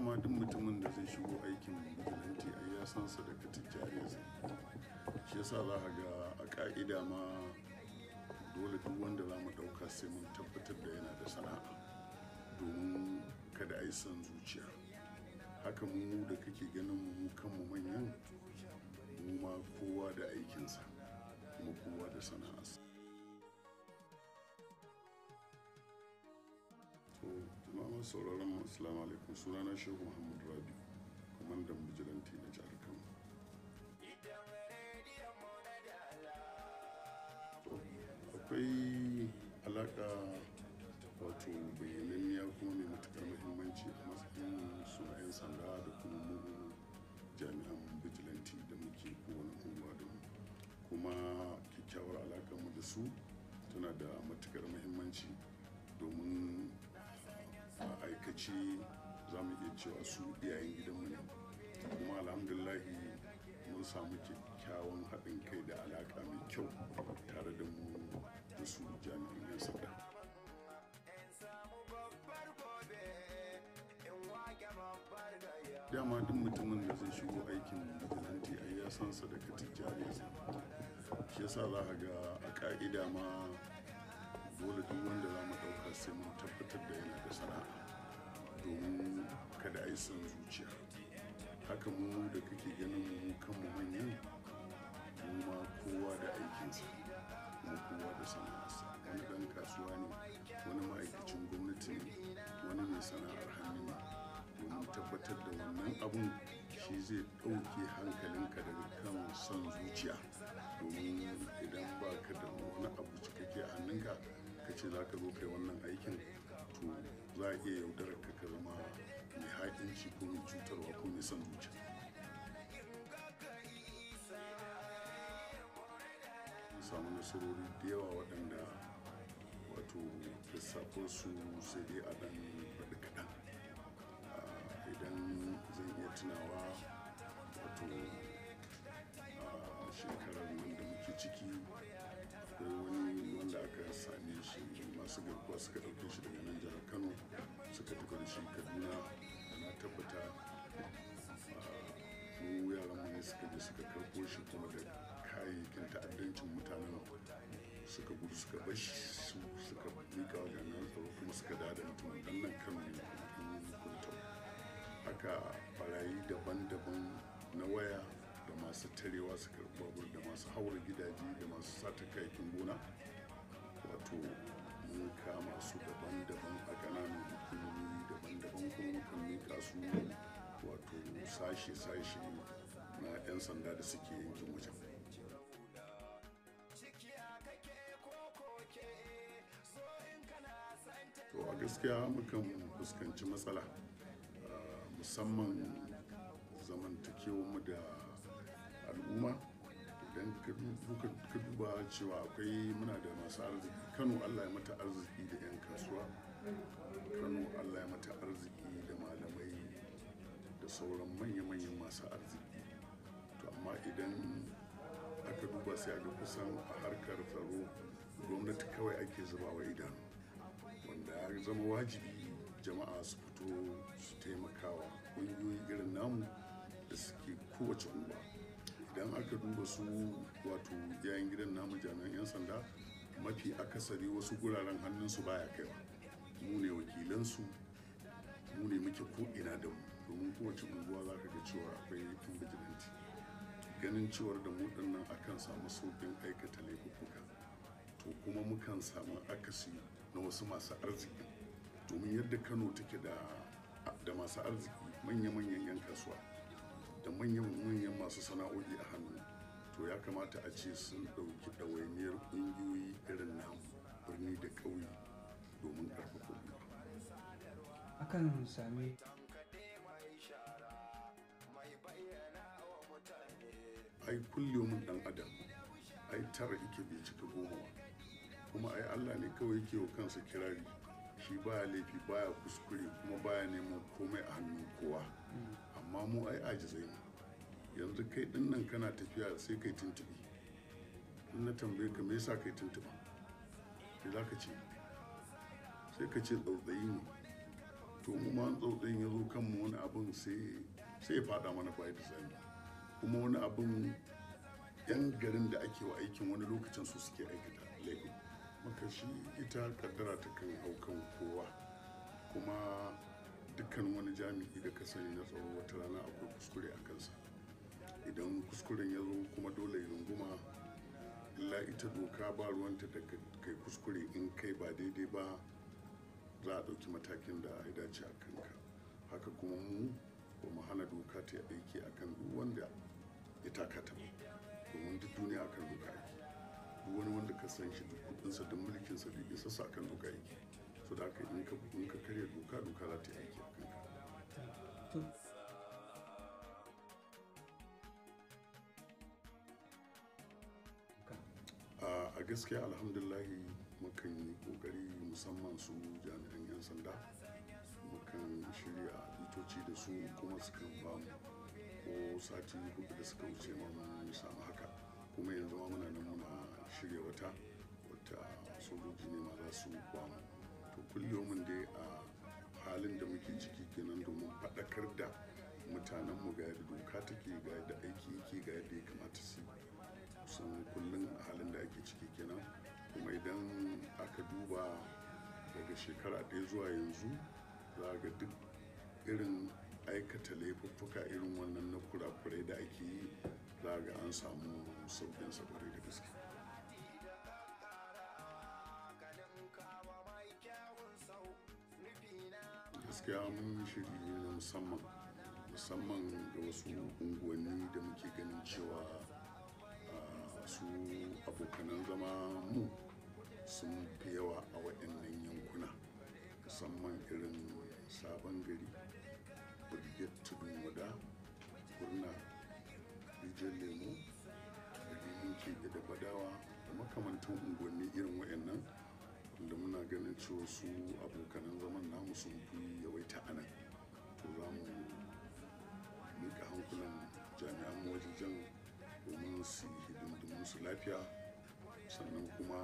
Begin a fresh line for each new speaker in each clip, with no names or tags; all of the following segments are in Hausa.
dama duk mutumin da zai shigo aikin vigilante a ya san sadakatar jariya zai shi yasa za a ga a ka'ida ma dole duk wanda za mu ɗauka sai mun tabbatar da yana da sana'a domin kada a yi son zuciya haka mu da kake ganin mu kanmu manyan mu ma kowa da aikinsa kuma kowa da sana'arsa sauraron mu assalamu alaikum sunana shehu muhammad rabi kwamandan bijilanti na jihar kano akwai alaka wato bayanan ya kuma mai matukar muhimmanci a matsayin sunayen sanda da kuma mu jami'an bijilanti da muke kowane unguwa da mu kuma kyakkyawar mu da su tana da matukar muhimmanci domin ma'aikaci aikace za mu iya cewa su iyayen gidanmu ne kuma alhamdulahi mun samu kyakkyawan haɗin kai da alaƙa mai kyau tare da mu da su jami'in 'yan sanda dama duk mutumin da zai shigo aikin vigilante ai ya san sa daga ya shi yasa za ka ga a ka'ida ma dole duk wanda za mu ɗauka sai mun tabbatar da yana da sana'a domin kada a yi son zuciya haka mu da kake ganin mu kan manyan kuma kowa da aikinsa kuma kowa da sana'arsa wani ɗan kasuwa ne wani ma'aikacin gwamnati ne wani mai sana'ar hannu ne domin tabbatar da wannan abun shi zai ɗauke hankalinka daga kan son zuciya domin idan ba ka da wani abu cikakke a hannunka ka ce za ka zo kai wannan aikin to za a iya yaudarar ka ka zama mai haƙinci ko mai cutarwa ko mai son zuciya samu nasarori da yawa waɗanda wato su sai dai a ɗan faɗi kaɗan ah, idan zan iya tunawa wato a ah, shekarar nan da muke ciki ko wani wanda aka same shi masu garkuwa suka ɗauke shi daga nan jihar kano suka tafi da shi kaduna na tabbata ah, mu yaran ne suka je suka karko shi kuma da kayayyakin ta'addancin mutanen suka gudu suka bashi su suka mika wa ganin tsaro kuma suka dada mutum dan nan kano ne haka barayi daban-daban na waya da masu tarewa su karɓi babur da masu haura gidaje da masu sata kayakin gona wato mun kama su daban-daban a ƙananan hukumomi daban-daban kuma mukan miƙa su wato sashe-sashe na 'yan sanda da suke yankin wajen to a gaskiya mukan fuskanci matsala ah, musamman zamantakewa mu da al'umma idan ka duba cewa akwai muna da masu arziki kano allah ya mata arziki da 'yan kasuwa kano allah ya mata arziki da malamai da sauran manya-manyan masu arziki to amma idan aka duba sai ga kusan a harkar tsaro gwamnati kawai ake zubawa idan. wanda ya zama wajibi jama'a su fito su taimakawa ƙungiyoyi irin namu da suke kowace unguwa idan aka duba su wato yayin gidan namu jami'an 'yan sanda mafi akasari wasu guraren hannunsu baya kaiwa mu ne wakilansu mu ne muke ko'ina da mu domin kowace unguwa za ka ga cewa akwai yakin bijilanti ganin cewar da mu dinnan akan samu sauƙin aikata laifuka to kuma mukan samu akasi na wasu masu arziki domin yadda kano take da masu arziki manya-manyan 'yan kasuwa da manyan masu sana'o'i a hannu to ya kamata a ce sun ɗauki ɗawainiyar ƙungiyoyi irin na birni da ƙauye domin ƙarfafa gwiwa akan sami ai mun ɗan adam ai tara ike bai cika goma ba kuma ai allah ne kawai yake wa kansa kirari shi baya laifi baya kuskure kuma baya neman komai a hannu kowa hmm. amma mu ai ajizai yanzu kai nan kana tafiya sai kai tuntubi in na tambaye ka me yasa kai tuntuba me za ka ce sai ka ce tsautsayi ne to mu ma tsautsayin ya zo kanmu wani abin sai ya fada mana fa'ida sani kuma wani abin yan garin da ake wa aikin wani lokacin su suke aikata laifin maka shi ita kaddara ta kan haukan kowa kuma dukkan wani jami'i da ka sani na tsaro wata rana akwai kuskure a kansa idan kuskuren ya zo kuma dole ya runguma illa ita doka ba ruwanta da kai kuskure in kai ba daidai ba za a ɗauki matakin da ya dace a kanka haka kuma mu ba mu hana doka ta aiki akan duk wanda ya takata ba domin duk duniya akan doka aiki duk wani wanda ka san shi duk kudinsa duk mulkinsa duk isa sa akan doka yake so da aka in ka karya doka doka za ta yi a kanka a gaskiya alhamdulahi mukan yi kokari musamman su jami'an 'yan sanda mukan shirya bitoci da su kuma sukan ba mu ko sati hudu da suka wuce ma mu samu haka kuma yanzu ma muna nan muna shirya wata wata sojoji ne ma za su ba mu kullumin dai a halin da muke ciki kenan domin faɗakar da mutanenmu ga yadda doka take ga yadda aiki yake ga yadda ya kamata su kusan kullum a halin da ake ciki kenan kuma idan aka duba daga shekara ɗaya zuwa yanzu za ga duk irin aikata laifuffuka irin wannan na kurakurai da ake yi za ga an samu sauƙin sa da gaske gaskiya mun shiri ne na musamman musamman ga wasu unguwanni da muke ganin cewa su abokanan zama mu sun fi yawa a waɗannan yankuna musamman irin sabon gari birgit tudun wada kurna rijiyar lemo da ke da badawa da makamantan unguwanni irin waɗannan da muna ganin cewa su abokanan zaman namu sun fi yawaita a nan to za mu miƙa hankulan jami'an wajen domin su hidindimin su lafiya sannan kuma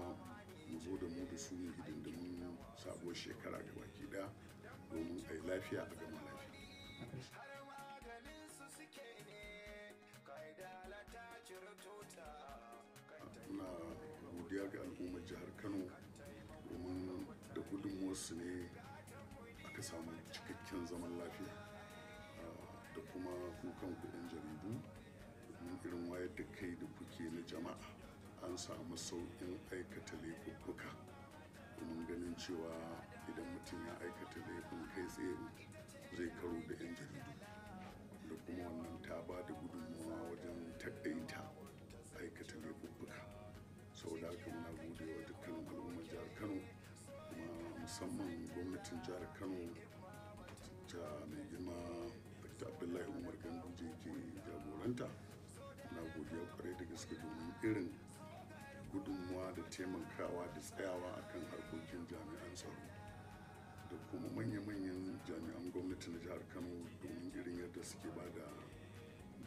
mu zo da mu da su ne hidindimin sabuwar shekara ga baki ɗaya domin a yi lafiya a gama lafiya muna godiya ga al'ummar jihar kano su ne aka samu cikakken zaman lafiya ah, da kuma kukan kudin jaridu domin irin wayar da kai da kuke na jama'a an samu sauƙin aikata laifuka domin ganin cewa idan mutum ya aikata laifin kai tsaye zai karo da 'yan jaridu da kuma wannan ta ba da gudunmawa wajen takaita aikata laifuka sau da aka muna gode wa dukkanin al'ummar jihar kano musamman gwamnatin jihar kano ta mai girma dr abdullahi umar ganduje ke jagoranta na godiya kwarai da gaske domin irin gudunmuwa da taimakawa da tsayawa akan harkokin jami'an tsaro da kuma manya-manyan jami'an gwamnati na jihar kano domin irin yadda suke ba da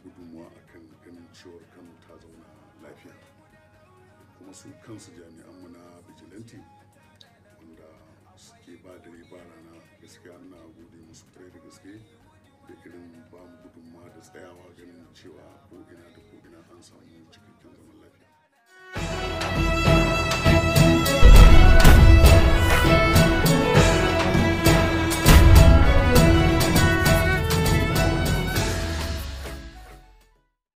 gudunmuwa akan ganin cewar kano ta zauna lafiya kuma su kansu mu na vigilante suke ba da ba rana gaskiya ina gode musu kare da gaske da irin ba mu gudunmawa da tsayawa ganin cewa ko ina da ko ina an samu cikakken zaman lafiya